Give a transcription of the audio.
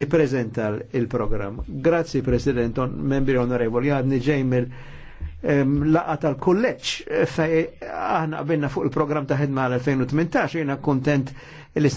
ippreżenta il-programm. Grazzi President, membri onorevoli, għadni ġejmil laqa tal kolleċ eh, fej aħna għabinna fuq il-programm ta' ħedma għal 2018, jena kontent li